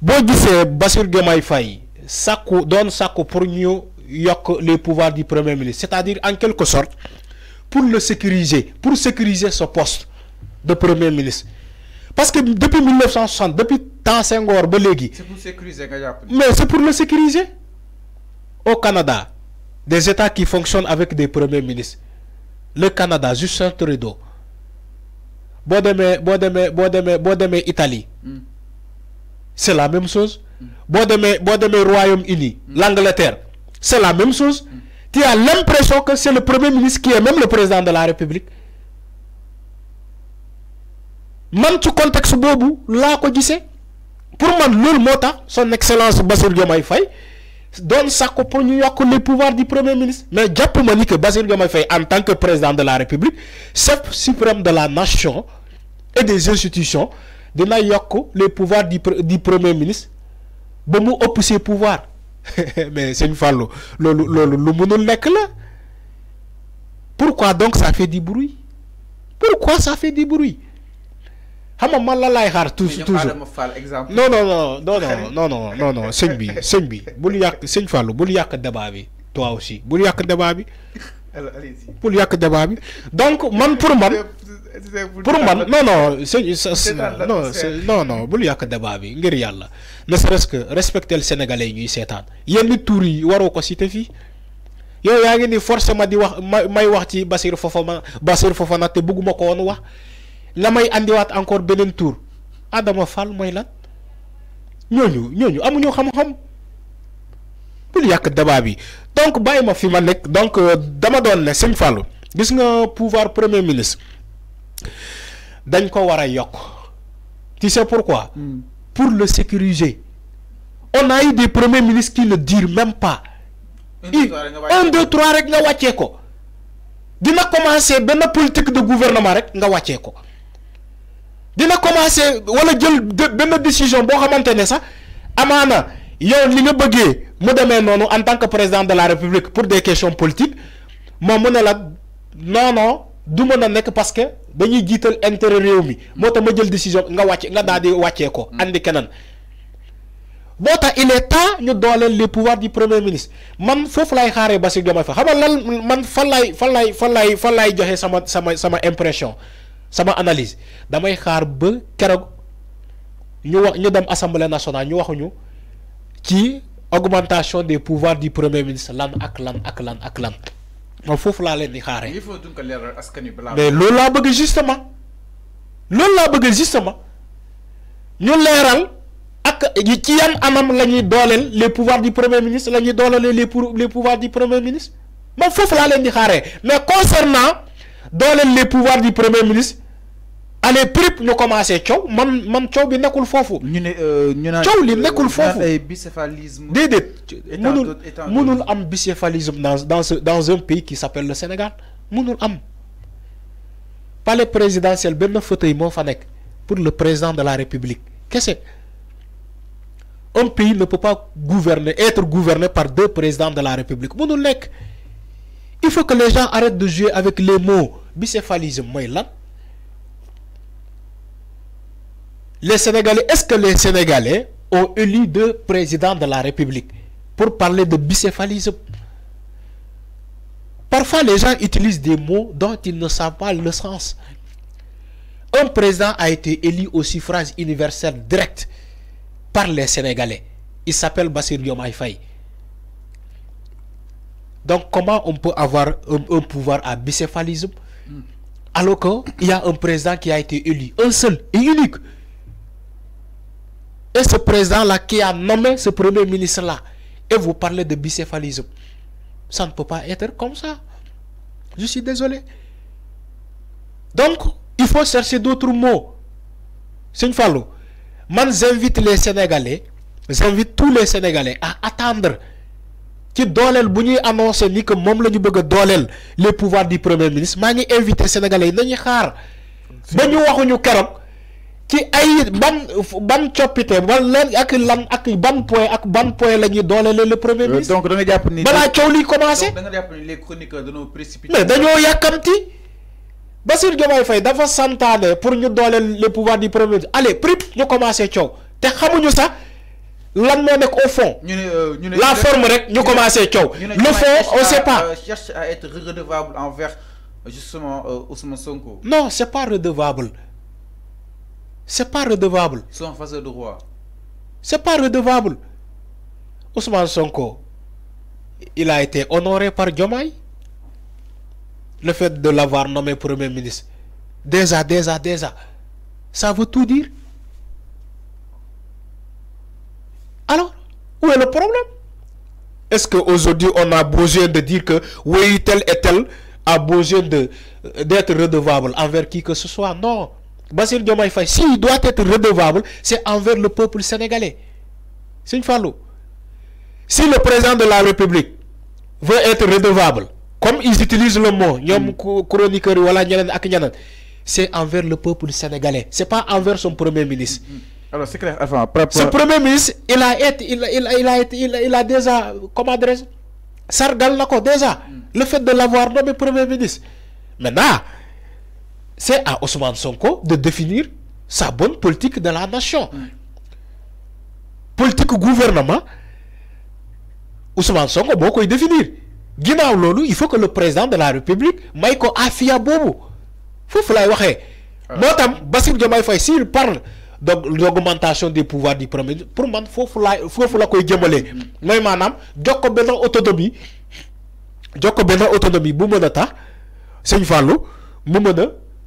Bon, gisee Bassirou Diomaye Faye sakou, pour les pouvoirs du premier ministre c'est-à-dire en quelque sorte pour le sécuriser pour sécuriser ce poste de premier ministre parce que depuis 1960 depuis tant Senghor c'est pour mais c'est pour le sécuriser au Canada des États qui fonctionnent avec des premiers ministres le Canada Justin Trudeau boo demee boo demee Italie. Hmm c'est la même chose. Bon mes Royaume-Uni, l'Angleterre, c'est la même chose. Tu as l'impression que c'est le Premier ministre qui est même le président de la République. Même tout contexte bobu, là tu sais pour moi, le mota, son excellence Basil Diomaye donne sa compagnie à les pouvoirs du Premier ministre. Mais déjà pour moi, que Basil Diomaye en tant que président de la République, chef suprême de la nation et des institutions, dina yokk les pouvoirs du du premier ministre ba nous opposer ses pouvoirs mais c'est Fallou loolu le lu mënul nekk la pourquoi donc ça fait du bruit pourquoi ça fait du bruit à maman lay la xaar. toujours toujours non non non non non non non non sëñ bi sëñ bi bul yàq sëñ Fallou bul yak débat bi toi aussi bul yak débat bi. bul yak débat bi donc man pour man. pour man non non non bul yàq débat bi ngir yàlla ne serait-ce que respecter le sénégalais yi ñuy seetaan yenn tur yi waroo ko si te fii yow yaa ngi ni ma di wax ma may wax ci Basir Fofana Basir Fofana te bëgguma ko woon wax la may indiwaat encore beneen tour Adama Fall mooy lan ñooñu ñooñu amuñu xam-xam bul yàq débat bi donc bàyyi ma fi ma nekk donc euh, dama doon ne sëñ Fallou gis nga pouvoir premier ministre dañ ko wara yok tu sais pourquoi hmm. pour le sécuriser on a eu des premiers ministres qui ne dirent même pas un deux trois rek nga wàccee ko dina commencer ben politique de gouvernement rek nga wàccee ko dina commencer wala jël ben décision bo xamante ça amana amaana yow li nga bëggé mu démé nonu en tant que président de la république pour des questions politiques mo mu ne la non non du mën nek parce que dañuy jiital intérêt réew mi ma jël décision nga wacc nga daal di ko. Mm. andi keneen moo il est temps ñu dollar les pouvoirs du premier ministre man fofu lay xaré Bassirou Diomaye fa xam lan man fa lay fa lay fa lay fa lay joxe sama sama sama impression sama analyse damay xaar ba ñu wax ñu dem assemblée nationale ñu augmentation des pouvoirs du premier ministre lan ak lan ak ma foofu laa leen di xaaree. il faut que leeral askan mais loolu laa bëgg justement loolu laa bëgg justement ñu leeral ak ci yan anam la ñuy dooleel les pouvoirs du premier ministre la ñuy doolelee les pour les pouvoirs du premier ministre man foofu laa leen di xaaree mais concernant dooleel les pouvoirs du premier ministre allez prip nous commencé coow man man coow bi nekkul fofu. ñu euh, ñu li euh, nekkul bicéphalisme. mënul am bicéphalisme dans dans ce dans un pays qui s'appelle le Sénégal mënul am palais présidentiel ben fauteuil mon fa pour le président de la République qu'est ce un pays ne peut pas gouverner être gouverné par deux présidents de la République mënul nek il faut que les gens arrêtent de jouer avec les mots bicéphalisme moi les Sénégalais, est-ce que les Sénégalais ont élu deux présidents de la République pour parler de bicéphalisme Parfois, les gens utilisent des mots dont ils ne savent pas le sens. Un président a été élu au suffrage universel direct par les Sénégalais. Il s'appelle Bassir Diomaye Donc, comment on peut avoir un, pouvoir à bicéphalisme hmm. alors qu'il y a un président qui a été élu, un seul et unique et ce président-là qui a nommé ce premier ministre-là, et vous parlez de bicéphalisme. Ça ne peut pas être comme ça. Je suis désolé. Donc, il faut chercher d'autres mots. C'est une fallo. Moi, j'invite les Sénégalais, j'invite tous les Sénégalais à attendre que Dolel le annonce ni que moom le bëgg du premier ministre Je invite les sénégalais ci ay ban ban coppite ban lan ak lan ak ban point ak ban point la ñuy le premier euh, ministre. donc da nga japp ni bala coow liy commencé. da nga japp ni les chroniqueurs dañoo précipiter mais dañoo yakamti basir Diomaye Faye dafa santaane pour ñu dooleel le pouvoir du premier ministre allez prip ñu commencé coow te xamuñu sa lan mo nek au fond. ñu ne euh, ñu ne la forme rek ñu commencé coow. le fond on sait pas euh, cherche à être redevable envers justement Ousmane Sonko. non c'est pas redevable c'est pas redevable. Son face de roi. C'est pas redevable. Ousmane Sonko, il a été honoré par Diomaye. Le fait de l'avoir nommé Premier ministre. Déjà, déjà, déjà. Ça veut tout dire. Alors, où est le problème Est-ce qu'aujourd'hui, on a besoin de dire que oui, tel et tel a besoin d'être redevable envers qui que ce soit Non. Diomaye s'il doit être redevable c'est envers le peuple sénégalais une Fallou si le président de la République veut être redevable comme ils utilisent le mot mm. c'est envers le peuple sénégalais c'est pas envers son premier ministre mm, mm. alors c'est clair ce premier ministre il a été il il été il a déjà comment adresse sargal déjà le fait de l'avoir nommé premier ministre maintenant c'est à Ousmane Sonko de définir sa bonne politique de la nation. Politique gouvernement, Ousmane Sonko, bon, quoi définir. il faut que le président de la République, Maïko Afia Bobo, faut que Bassir s'il parle d'augmentation l'augmentation des pouvoirs du premier pour moi, il faut que la koy djemale. Moi, manam, joko ben autonomie, joko ben autonomie, boumonata, c'est une fallou, moumonata,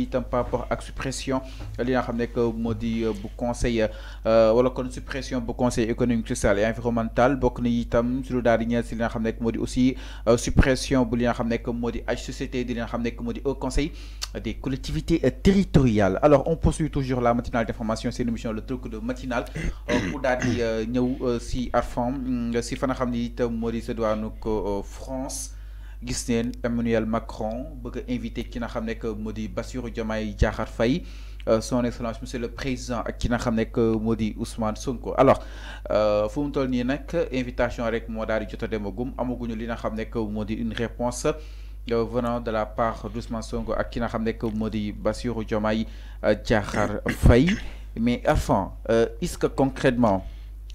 bi itam par rapport ak suppression euh, li nga xam ne que moo di euh, bu conseil euh, wala kon suppression bu conseil économique social et environnemental bokk na itam su lu daal di ñeel si li nga xam que moo aussi suppression bu li nga xam ne que moo di HCCT di nga xam que moo au conseil des collectivités territoriales alors on poursuit toujours la matinale d'information c'est une mission le truc de matinale pour daal di ñëw si Arfam mm, si fa nga xam ne itam moo di France gis Emmanuel Macron invité ki n'a jamais que Modi Bassirou Diomaye Diakhar Faye euh, son excellence monsieur le président ak ki nga que Ousmane Sonko alors euh, fu mu toll ni nak invitation rek Modari daal a amaguñu li nga que une réponse euh, venant de la part d'Ousmane Sonko ak ki nga xam que modi Bassirou Diomaye Faye mais enfin est-ce que concrètement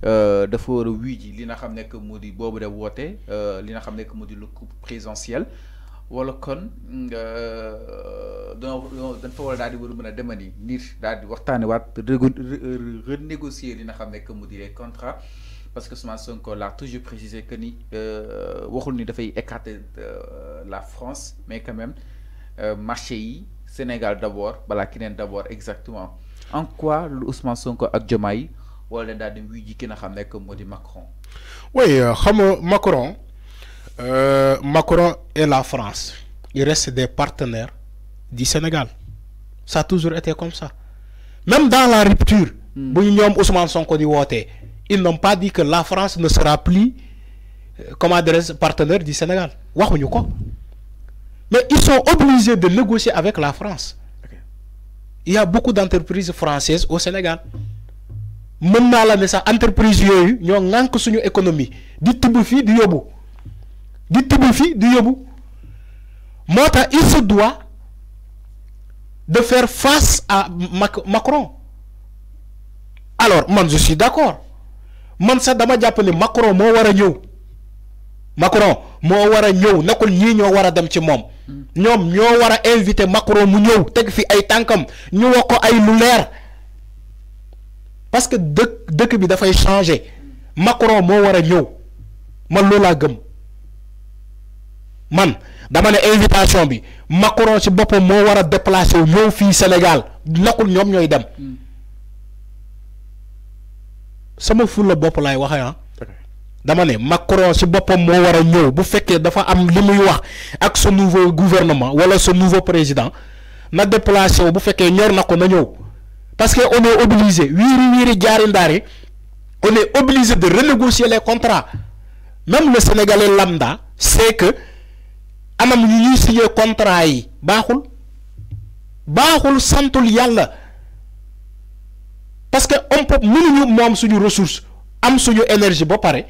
euh, dafa war a wuy ji modi bobu da woté euh l'ina boobu de woote euh, le coup présidentiel wala kon euh, dana dañ fa wala a daal meuna a demani nit daal waxtane wat renégocier l'ina nga xam nekk les contrats parce que Ousmane Sonko l'a toujours précisé que ni waxul ni fay écarter la France mais quand même marché yi Sénégal d'abord bala keneen d'abord exactement en quoi Ousmane Sonko ak Diomaye wala Macron. oui euh, Macron euh, Macron et la France il reste des partenaires du Sénégal ça a toujours été comme ça même dans la rupture. Hmm. bu Ousmane ils n'ont pas dit que la France ne sera plus euh, comme adresse partenaire du Sénégal mais ils sont obligés de négocier avec la France il y a beaucoup d'entreprises françaises au Sénégal mën naa la ne sax entreprise yooyu ñoo suñu économie di tibb di yóbbu di tibb di il se doit de faire face à Macron alors man je suis d'accord man dama jàpp Macron moo war a Macron moo war a ñëw ñoo war a dem ci moom mm. ñoom ñoo war a Macron mu ñëw parce que deux dëkk bi fay changer Macron mo wara ñew man man dama invitation bi Macron ci mo wara déplacer ñew fi Sénégal nakul dem hmm. sama le ah. dama ne Macron ci boppam mo wara ñew bu dafa am limuy nouveau gouvernement wala ce nouveau président na déplacer bu que na parce qu'on est obligé, on est obligé de renégocier les contrats. Même le Sénégalais lambda sait que anam yu ñuy signé contrat yi baaxul baaxul santul yàlla parce que on peut nous, sommes suñu ressource am suñu énergie ba l'énergie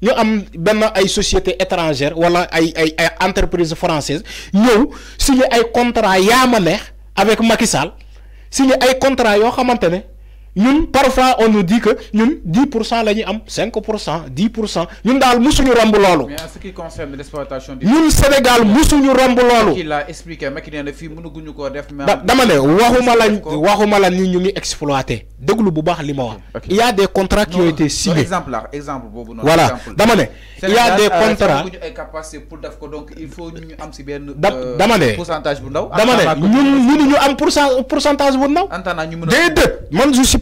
ñu am benn ay société étrangère wala ay ay ay entreprise française ñëw signé ay contrat avec Macky Sall signé ay contrat yoo xamante ne ñun parfois on nous dit que ñun 10 lañu am 5 10 ñun dal musuñu romb loolu. mais en ce qui concerne l'exploitation du. ñun Sénégal musuñu romb loolu. kii laa expliqué ma ki nee na fii mënuguñu koo def. dama né waxuma la waxuma la ni ñu ngi exploité déglu bu baax li ma wax. il y a des contrats qui ont été signés. exemple là exemple bobu noonu. voilà dama né il y a des euh, contrats Sénégal ay capacité pour def ko donc il faut ñu am ci ben dama ne pourcentage bu ndaw. dama né ñun ñu am pourcentage bu ndaw. déedéet man je suis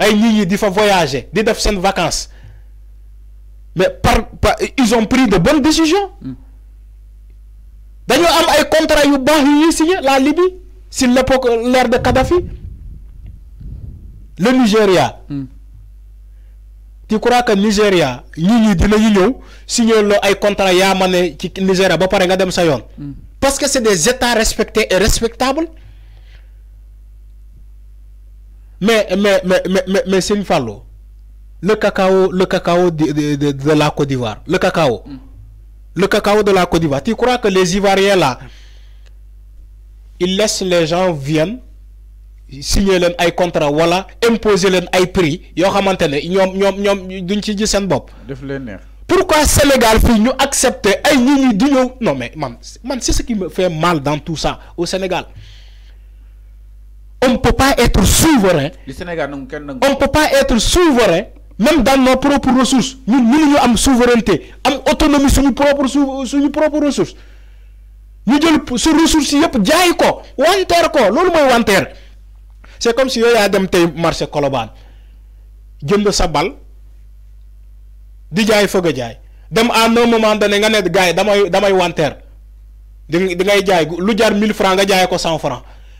ils ont fait di fa voyager di def seen vacances mais ils ont pris de bonnes décisions Ils hmm. am ay contrats yu baax la Libye si l'époque l'ère de Kadhafi le Nigeria hmm. tu crois que le Nigeria ils ont ñëw signé ay contrats yaa hmm. parce que c'est des états respectés et respectables. Mais, mais, mais, mais, mais, c'est une fallo. Le cacao, le cacao de, de, de, la Côte d'Ivoire, le cacao, mm. le cacao de la Côte d'Ivoire, tu crois que les Ivoiriens là, ils laissent les gens viennent signer un ay contrat voilà, imposer un prix ils ont ils ñoom ils duñ ci gis seen bopp. def pourquoi Sénégal nous ñu accepter ay non mais man c'est ce qui me fait mal dans tout ça au Sénégal on ne peut pas être souverain. Le Sénégal, nous, on ne peut pas être souverain, même dans nos propres ressources. Nous, nous avons souveraineté, avons autonomie sur nos propres, sur nos propres ressources. Nous avons ces ressources, nous avons wanter ko lolu moy wanter c'est comme si yow ya dem tay marché koloban jënd sa bal di jaay fëgg jaay dem à un moment donné nga ne gaay damay damay wanter di ngay jaay lu jar 1000 francs nga jaay ko 100 francs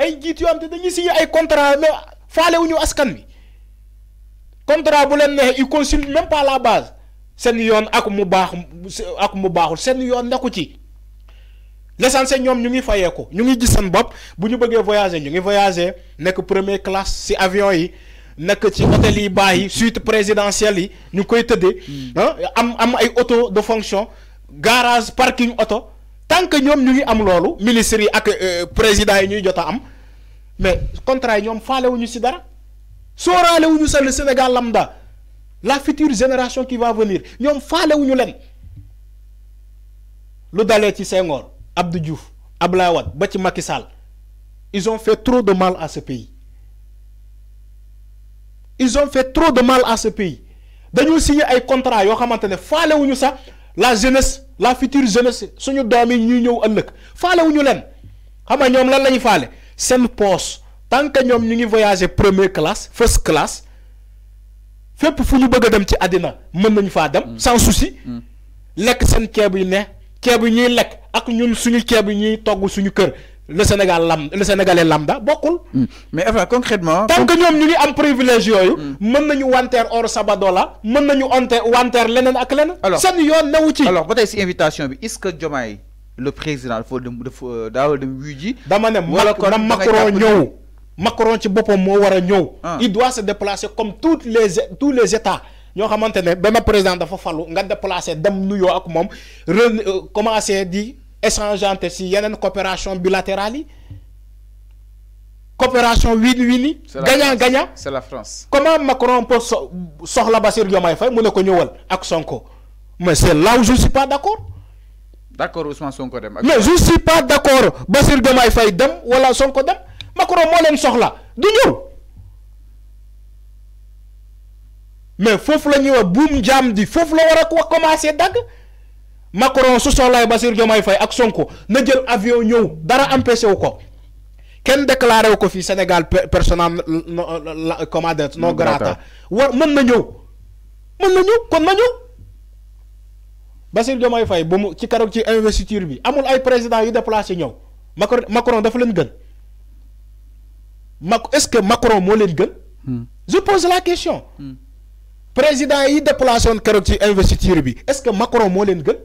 ay jiit yoo xam te ay contrat mais faale bi contrat bu consulte même pas la base seen yoon ak mu baax ak mu baaxul ci l'essentiel ñoom ñu ngi faire ñu ngi gis seen bopp bu ñu voyager ñu ngi voyager première classe avion yi nekk ci hôtel yi suite présidentielle yi ñu koy tëddee. Hmm. Ah, am am ay auto de fonction garage parking auto tant que ñoom ñu ngi am loolu ministère, ak euh, am mais contrat ñom ñoom faale wuñu si dara sóoraale wuñu sa le Sénégal lambda la future génération qui va venir ñom faale wuñu leen lu dalé ci Senghor Abdou Diouf Abdoulaye Wade ba ci Macky ils ont fait trop de mal à ce pays ils ont fait trop de mal à ce pays dañu signé ay contrat yo xamantene fallait wuñu sax la jeunesse la future jeunesse suñu doom yi ñuy ñëw fallait faale wuñu leen xam nga lan lañu ñuy sen poste. tant que nous ñu ngi voyager première classe first class classe, fu ñu bëgg dem ci adina mën mm. sans souci. lek sen ñi lek ak ñun suñu ñi togg suñu kër le Sénégal lam le Sénégalais lambda bokul mm. mais enfin concrètement. tant que ñom ñu ngi am privilège yoyu mm. mën or Sabadola mën nañu wanter ak alors yoon alors invitation est-ce que le président dafa de euh, dafa de wuji dama ne Macron ñëw. Macron ci bopom mo wara a ah. il doit se déplacer comme toutes les tous les états. ñoo xamantene ne benn président dafa fallu nga déplacer dem nuyo ak mom euh, commencer di échangeante si yenen coopération bilatérale coopération win-win gagnant gagnant c'est la France. comment Macron peut soxla basir Diomaye fay mu ne ko ñewal ak Sonko mais c'est là où je suis pas d'accord d'accord dem. mais je suis pas d'accord Basir de Faye dem wala Sonko dem Macron moi len soxla du mais fofu la ñu jam jam di fofu la a ko Macron su soxlaay là, Diomaye Faye ak Sonko na jël avion ñew dara empêché wu ko Ken déclaré ko Sénégal personnel commandant non grata mën na mën na Bassirou Diomaye Faye bu ci keroog ci investiture bi amul ay président yu déplacer ñëw Macron Macron dafa leen gën Macron est-ce que Macron mo leen gën. Hmm. je pose la question. Hmm. président yi déplacer woon ci investiture bi est-ce que Macron mo leen gën.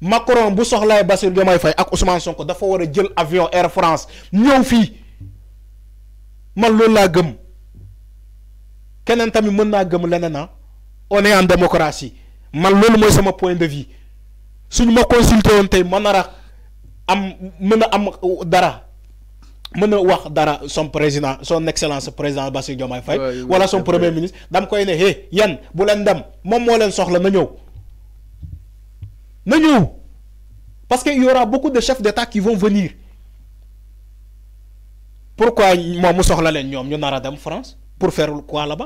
Macron bu soxlay Bassirou Diomaye Faye ak Ousmane Sonko dafa wara jël avion Air France ñëw fi man lool la gëm kenen tamit mën naa gëm leneen ah. on est en démocratie man lolu moy sama point de vue suñu ma consulté won tay ma nar am meuna am dara meuna wax dara son président son excellence président Bassir Diomaye Faye wala son premier ministre dam koy ne he yan bu len dem sort mo menu soxla na ñew na parce que il y aura beaucoup de chefs d'État qui vont venir pourquoi moom mu soxla len ñom ñu nara dame dem France pour faire quoi là-bas